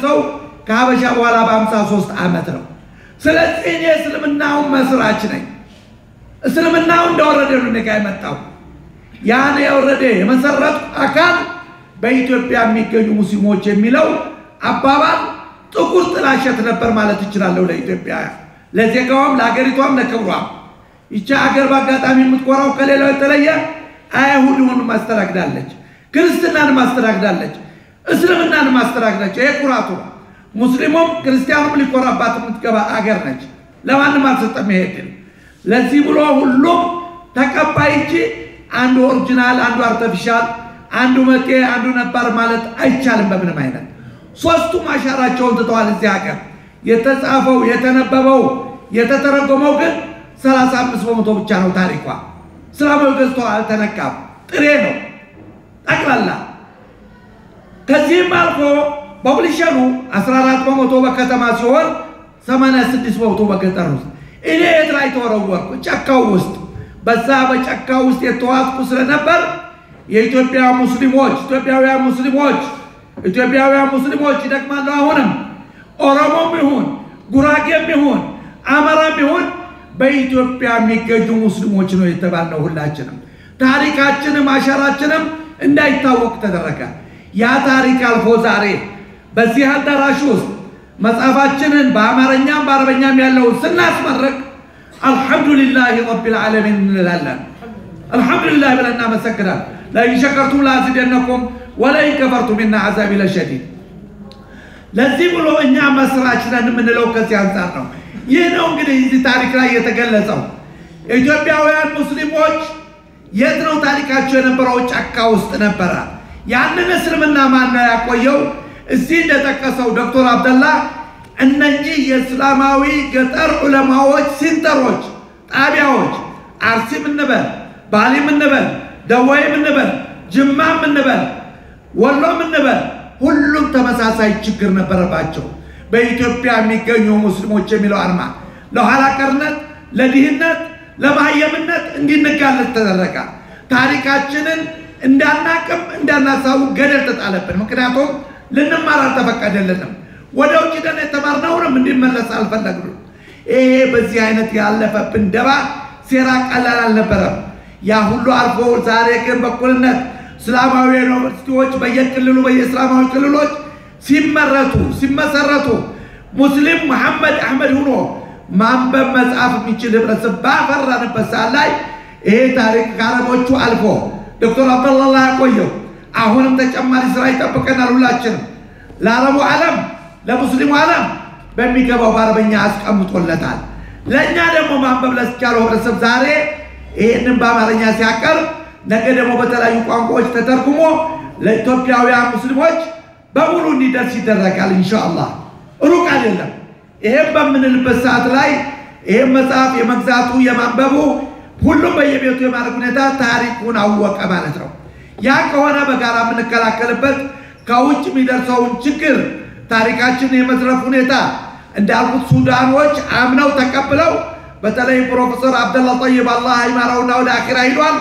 የደረሰው ከሀበሻ በኋላ በአምሳ ሶስት ዓመት ነው። ስለዚህ እኔ እስልምናውን መስራች ነኝ። እስልምናው እንደወረደ ነው ጋ የመጣው። ያን የወረደ የመሰረቱ አካል በኢትዮጵያ የሚገኙ ሙስሊሞች የሚለው አባባል ጥቁር ጥላሸት ነበር ማለት ይችላለሁ። ለኢትዮጵያ ለዜጋዋም፣ ለሀገሪቷም፣ ለክብሯም ይቺ ሀገር በአጋጣሚ የምትኮራው ከሌላው የተለየ አይሁድን ማስተናግዳለች፣ ክርስትናን ማስተናግዳለች። እስልምናን ማስተራቅ ነች። ይሄ ኩራቱ ሙስሊሙም ክርስቲያኑም ሊኮራባት የምትገባ አገር ነች። ለማንም አልሰጠም። ይሄድን ለዚህ ብሎ ሁሉም ተቀባይ እንጂ አንዱ ኦሪጂናል፣ አንዱ አርተፊሻል፣ አንዱ መጤ፣ አንዱ ነባር ማለት አይቻልም በምንም አይነት። ሶስቱም አሻራቸውን ትተዋል። እዚህ ሀገር የተጻፈው የተነበበው የተተረጎመው ግን 35 በመቶ ብቻ ነው ታሪኳ። ስላማዊ ገጽታዋ አልተነካም። ጥሬ ነው ጠቅላላ ከዚህም አልፎ በሁልሸኑ 14 በመቶ በከተማ ሲሆን 86 በመቶ በገጠር ውስጥ። እኔ የት ላይ ተወረወርኩ? ጫካው ውስጥ። በዛ በጫካ ውስጥ የተዋጥኩ ስለነበር የኢትዮጵያ ሙስሊሞች ኢትዮጵያውያን ሙስሊሞች ኢትዮጵያውያን ሙስሊሞች ይደግማሉ። አሁንም ኦሮሞም ይሁን ጉራጌም ይሁን አማራም ይሁን በኢትዮጵያ የሚገኙ ሙስሊሞች ነው የተባልነው። ሁላችንም ታሪካችንም አሻራችንም እንዳይታወቅ ተደረገ። ያ ታሪክ አልፎ ዛሬ በዚህ አዳራሽ ውስጥ መጽሐፋችንን በአማርኛም በአረበኛም ያለውን ስናስመረቅ አልሐምዱሊላህ ረቢል ዓለሚን እንላለን። አልሐምዱሊላህ ብለን እናመሰግናል። ለኢን ሸከርቱም ለአዚደነኩም ወለኢን ከፈርቱም ኢነ ዐዛቢ ለሸዲድ። ለዚህ ብሎ እኛ መስራች ነን የምንለው ከዚህ አንጻር ነው። ይህ ነው እንግዲህ እዚህ ታሪክ ላይ የተገለጸው። ኢትዮጵያውያን ሙስሊሞች የት ነው ታሪካቸው የነበረው? ጫካ ውስጥ ነበራል። ያንን እስልምና ማነው ያቆየው? እዚህ እንደጠቀሰው ዶክተር አብደላ እነኚህ የእስላማዊ ገጠር ዑለማዎች ሲንተሮች፣ ጣቢያዎች አርሲም እንበል፣ ባሊም እንበል፣ ደወይም እንበል፣ ጅማም እንበል፣ ወሎም እንበል ሁሉም ተመሳሳይ ችግር ነበረባቸው። በኢትዮጵያ የሚገኙ ሙስሊሞች የሚለው አርማ ለኋላ ቀርነት፣ ለድህነት፣ ለማየምነት እንዲንጋለት ተደረገ። ታሪካችንን እንዳናቅም እንዳናሳውቅ ገደል ተጣለብን። ምክንያቱም ልንማር አልተፈቀደልንም። ወደ ውጭ ደን የተማርነውንም እንዲመለስ አልፈለግንም። ይሄ በዚህ አይነት ያለፈብን ደባ፣ ሴራ ቀላል አልነበረም። ያ ሁሉ አልፎ ዛሬ ግን በኩልነት እስላማዊ ዩኒቨርሲቲዎች በየክልሉ በየእስላማዊ ክልሎች ሲመረቱ ሲመሰረቱ ሙስሊም መሐመድ አህመድ ሁኖ ማንበብ መጻፍ የሚችል ህብረተሰብ ባፈራንበት ሰዓት ላይ ይሄ ታሪክ ከአረቦቹ አልፎ ዶክተር አብደላላ ያቆየው። አሁንም ተጨማሪ ስራ ይጠብቀናል። ሁላችንም ለአረቡ ዓለም ለሙስሊሙ ዓለም በሚገባው በአረበኛ አስቀምጦለታል። ለእኛ ደግሞ ማንበብ ለስቻለው ህብረተሰብ ዛሬ ይህንን በአማርኛ ሲያቀርብ ነገ ደግሞ በተለያዩ ቋንቋዎች ተተርጉሞ ለኢትዮጵያውያን ሙስሊሞች በሙሉ እንዲደርስ ይደረጋል። እንሻአላህ ሩቅ አይደለም። ይሄም በምንልበት ሰዓት ላይ ይሄም መጽሐፍ የመግዛቱ የማንበቡ ሁሉም በየቤቱ የማድረግ ሁኔታ ታሪኩን አወቀ ማለት ነው። ያ ከሆነ በጋራ የምንከላከልበት ከውጭ የሚደርሰውን ችግር ታሪካችን የመዝረፍ ሁኔታ እንዳልኩት ሱዳኖች አምነው ተቀብለው በተለይ ፕሮፌሰር አብደላ ጠይብ አላህ አይማረውና ወደ አኪራ ሂዷል።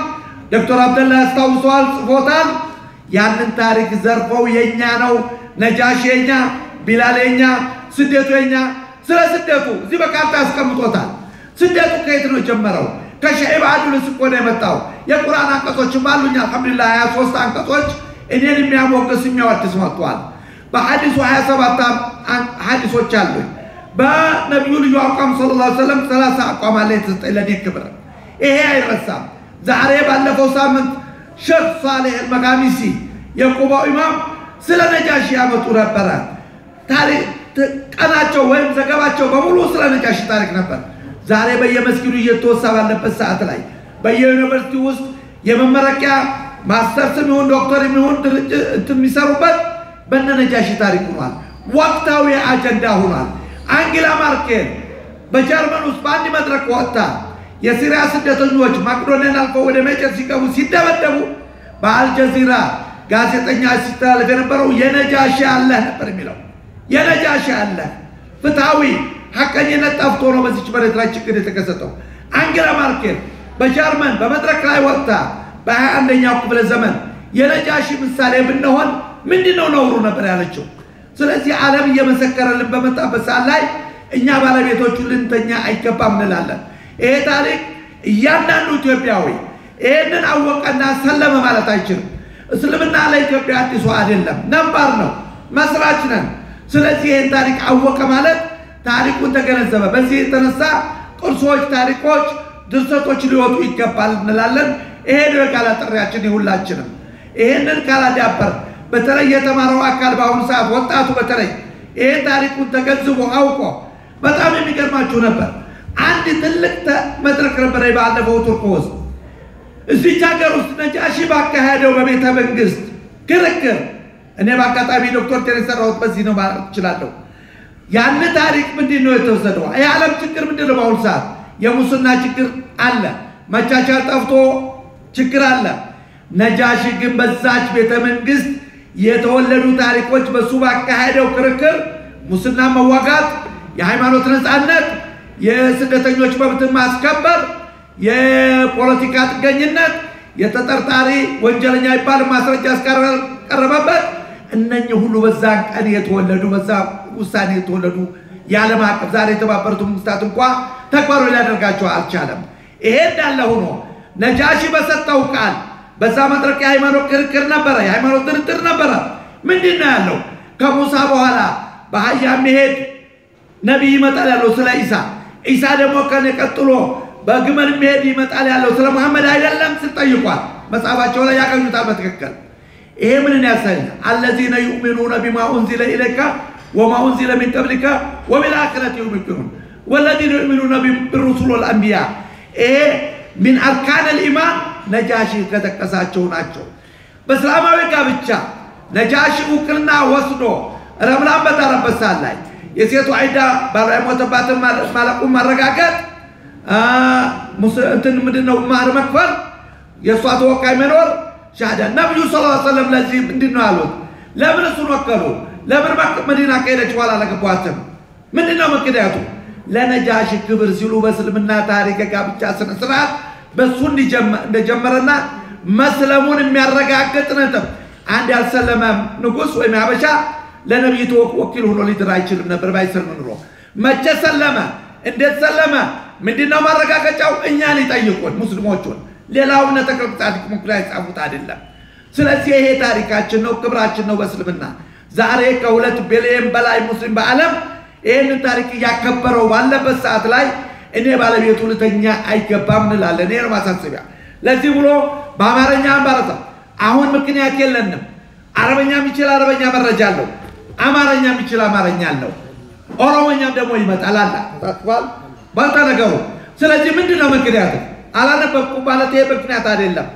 ዶክተር አብደላ ያስታውሰዋል፣ ጽፎታል። ያንን ታሪክ ዘርፈው የኛ ነው ነጃሽ የኛ ቢላል የኛ ስደቱ የኛ ስለ ስደቱ እዚህ በካርታ ያስቀምጦታል። ስደቱ ከየት ነው የጀመረው? ከሸዒብ አጁልስ እኮ የመጣው። የቁርአን አንቀጾችም አሉኝ አልሐምዱሊላህ፣ 23 አንቀጾች እኔን የሚያሞግስ የሚያወድስ መጥቷል። በሐዲሱ 27 ሐዲሶች አሉኝ። በነቢዩ ልዩ አቋም ሰለላሁ ዐለይሂ ወሰለም 30 አቋም አለ የተሰጠኝ ለእኔ ክብር። ይሄ አይረሳም። ዛሬ ባለፈው ሳምንት ሼክ ሳሌህ አልመጋሚሲ የቁባው ኢማም ስለ ነጃሺ ያመጡ ነበረ። ታሪክ ቀናቸው ወይም ዘገባቸው በሙሉ ስለ ነጃሺ ታሪክ ነበር። ዛሬ በየመስጊዱ እየተወሳ ባለበት ሰዓት ላይ በየዩኒቨርሲቲ ውስጥ የመመረቂያ ማስተርስ ይሁን ዶክተር የሚሆን ድርጅት የሚሰሩበት በነነጃሽ ታሪክ ሆኗል። ወቅታዊ አጀንዳ ሆኗል። አንግላ ማርኬል በጀርመን ውስጥ በአንድ መድረክ ወጥታ የሲሪያ ስደተኞች መቅዶኒያን አልፈው ወደ መጨር ሲገቡ ሲደበደቡ በአልጀዚራ ጋዜጠኛ ሲተላለፍ የነበረው የነጃሽ አለህ ነበር የሚለው የነጃሽ አለህ ፍትሐዊ ሀቀኝነት ጠፍቶ ነው በዚች መሬት ላይ ችግር የተከሰተው። አንግላ ማርኬል በጀርመን በመድረክ ላይ ወጥታ በሀያ አንደኛው ክፍለ ዘመን የነጃሺ ምሳሌ ብንሆን ምንድን ነው ነውሩ ነበር ያለችው። ስለዚህ ዓለም እየመሰከረልን በመጣበት ሰዓት ላይ እኛ ባለቤቶቹ ልንተኛ አይገባም እንላለን። ይሄ ታሪክ እያንዳንዱ ኢትዮጵያዊ ይህንን አወቀና ሰለመ ማለት አይችልም። እስልምና ለኢትዮጵያ አዲሱ አይደለም፣ ነባር ነው፣ መስራች ነን። ስለዚህ ይህን ታሪክ አወቀ ማለት ታሪኩን ተገነዘበ። በዚህ የተነሳ ቅርሶች፣ ታሪኮች፣ ድርሰቶች ሊወጡ ይገባል እንላለን። ይሄ ነው ጥሪያችን የሁላችንም። ይሄንን ካላዳበር በተለይ የተማረው አካል በአሁኑ ሰዓት ወጣቱ በተለይ ይሄ ታሪኩን ተገንዝቦ አውቆ በጣም የሚገርማችሁ ነበር። አንድ ትልቅ መድረክ ነበረ ባለፈው ቱርክ ውስጥ እዚች ሀገር ውስጥ ነጃሺ ባካሄደው በቤተ መንግስት ክርክር እኔ በአጋጣሚ ዶክተር ቴሬ ሰራሁት በዚህ ነው ማለት እችላለሁ። ያን ታሪክ ምንድን ነው የተወሰደው? የዓለም ችግር ምንድን ነው? በአሁኑ ሰዓት የሙስና ችግር አለ፣ መቻቻል ጠፍቶ ችግር አለ። ነጃሺ ግን በዛች ቤተ መንግስት የተወለዱ ታሪኮች በሱ ባካሄደው ክርክር ሙስና መዋጋት፣ የሃይማኖት ነፃነት፣ የስደተኞች መብትን ማስከበር፣ የፖለቲካ ጥገኝነት፣ የተጠርጣሪ ወንጀለኛ ይባል ማስረጃ እስካቀረበበት እነኚህ ሁሉ በዛን ቀን የተወለዱ በዛ ውሳኔ የተወለዱ የዓለም አቀፍ ዛሬ የተባበሩት መንግስታት እንኳ ተግባራዊ ሊያደርጋቸው አልቻለም። ይሄ እንዳለ ሆኖ ነጃሺ በሰጠው ቃል በዛ መድረክ የሃይማኖት ክርክር ነበረ፣ የሃይማኖት ድርድር ነበረ። ምንድን ነው ያለው? ከሙሳ በኋላ በአህያ የሚሄድ ነቢይ ይመጣል ያለው ስለ ኢሳ፣ ኢሳ ደግሞ ከኔ ቀጥሎ በግመል የሚሄድ ይመጣል ያለው ስለ መሐመድ አይደለም ስጠይቋል። መጽሐፋቸው ላይ ያቀኙታል በትክክል። ይሄ ምንን ያሳይ አለዚነ ዩእሚኑነ ቢማ ኡንዚለ ኢለይከ ወማ ኡንዚለ ሚን ቀብሊከ ወቢልአኺረቲ ዩሚኑን ወለዚነ ዩእሚኑነ ቢሩሱል ወልአንቢያ ይሄ ሚን አርካን ልኢማን ነጃሺ ከጠቀሳቸው ናቸው። በእስላማዊ ጋብቻ ነጃሺ እውቅና ወስዶ ረምላን በጠረበት ሰዓት ላይ የሴቱ ዐይዳ ባሏ የሞተባትን ማለቁን ማረጋገጥ እንትን ምንድን ነው ማህር መክፈል፣ የእሷ ተወካይ መኖር ሻሃዳ ነቢዩ ስ ሰለም ለዚህ ምንድን ነው አሉት። ለምን እሱን ወከሉ? ለምን መዲና ከሄደች በኋላ አላገቧትም? ምንድን ነው ምክንያቱ? ለነጃሽ ክብር ሲሉ በእስልምና ታሪክ ጋብቻ ስነ ስርዓት በእሱ እንደጀመረና መስለሙን የሚያረጋግጥ ነጥብ። አንድ ያልሰለመ ንጉስ ወይም ያበሻ ለነቢይቱ ወኪል ሆኖ ሊድር አይችልም ነበር። ባይሰልም ኑሮ መቼ ሰለመ፣ እንዴት ሰለመ፣ ምንድነው ማረጋገጫው? እኛን ይጠይቁን ሙስሊሞቹን። ሌላውን ተክለ ጻድቅ ሙክላ የጻፉት አይደለም። ስለዚህ ይሄ ታሪካችን ነው፣ ክብራችን ነው በእስልምና ዛሬ ከሁለት ቢሊዮን በላይ ሙስሊም በዓለም ይህንን ታሪክ እያከበረው ባለበት ሰዓት ላይ እኔ ባለቤቱ ልተኛ አይገባም እንላለን። ይህ ማሳሰቢያ። ለዚህ ብሎ በአማርኛ አንባረታ አሁን ምክንያት የለንም። አረበኛ የሚችል አረበኛ መረጃ አለው። አማርኛ የሚችል አማርኛ አለው። ኦሮሞኛም ደግሞ ይመጣል አላ ታጥፋል ነገሩ። ስለዚህ ምንድነው ምክንያቱ? አላነበብኩም ማለት ይሄ ምክንያት አይደለም።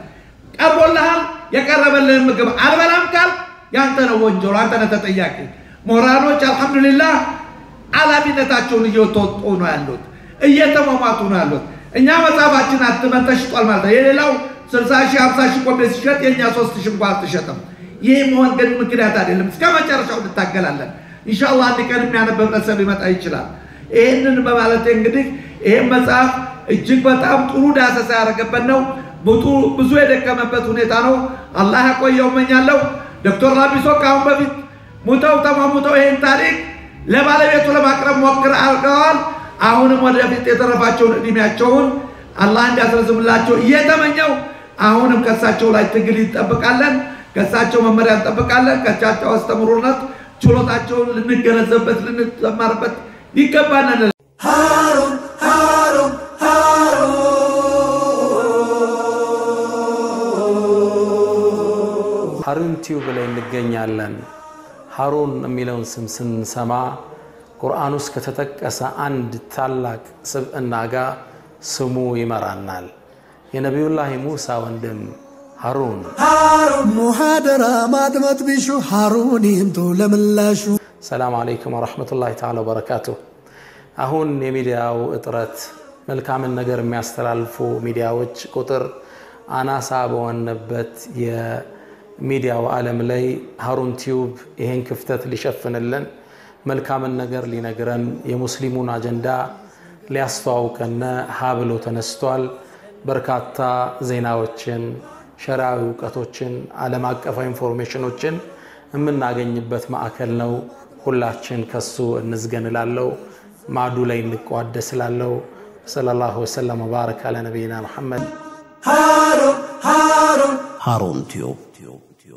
ቀርቦልሃል። የቀረበልህን ምግብ አልበላም ካል ያንተ ነው ወንጀሉ፣ አንተ ነህ ተጠያቂ። ሞራኖች አልሐምዱሊላህ አላፊነታቸውን እየተወጡ ነው ያሉት፣ እየተሟሟቱ ነው ያሉት። እኛ መጽሐፋችን አትመን ተሽጧል ማለት ነው። የሌላው 60 ሺህ 50 ሺህ ኮፒ ሲሸጥ የእኛ ሶስት ሺህ እንኳ አትሸጥም። ይህ መሆን ግን ምክንያት አይደለም። እስከ መጨረሻው እንታገላለን። ኢንሻላ አንድ ቀን የሚያነበብ ህብረተሰብ ሊመጣ ይችላል። ይህንን በማለት እንግዲህ ይህም መጽሐፍ እጅግ በጣም ጥሩ ዳሰሳ ያደረገበት ነው። ብዙ የደከመበት ሁኔታ ነው። አላህ ያቆየው እመኛለሁ። ዶክተር ላጲሶ ከአሁን በፊት ሙተው ተሟሙተው ይህን ታሪክ ለባለቤቱ ለማቅረብ ሞክር አርገዋል። አሁንም ወደፊት የተረፋቸውን እድሜያቸውን አላህ እንዲያስረዝምላቸው እየተመኘው አሁንም ከእሳቸው ላይ ትግል ይጠብቃለን። ከእሳቸው መመሪያ እንጠብቃለን። ከቻቸው አስተምሩነት ችሎታቸውን ልንገነዘብበት ልንተማርበት ይገባናል። ሀሩን ቲዩብ ላይ እንገኛለን። ሀሩን የሚለውን ስም ስንሰማ ቁርአን ውስጥ ከተጠቀሰ አንድ ታላቅ ስብዕና ጋር ስሙ ይመራናል። የነቢዩላህ ሙሳ ወንድም ሀሩን ሙሃደራ ማድመጥ ቢሹ ሀሩን ይምጡ ለምላሹ። ሰላም አለይኩም ወረሕመቱላሂ ተዓላ ወበረካቱ። አሁን የሚዲያው እጥረት መልካምን ነገር የሚያስተላልፉ ሚዲያዎች ቁጥር አናሳ በሆነበት ሚዲያው ዓለም ላይ ሀሩን ቲዩብ ይሄን ክፍተት ሊሸፍንልን መልካምን ነገር ሊነግረን የሙስሊሙን አጀንዳ ሊያስተዋውቀነ ሀ ብሎ ተነስቷል። በርካታ ዜናዎችን፣ ሸራዊ እውቀቶችን፣ ዓለም አቀፋዊ ኢንፎርሜሽኖችን የምናገኝበት ማዕከል ነው። ሁላችን ከሱ እንዝገን እላለው። ማዱ ላይ እንቋደስ እላለው። ሰለላሁ ወሰለም ወባረክ አለ ነቢይና ሙሐመድ። ሀሩን ቲዩብ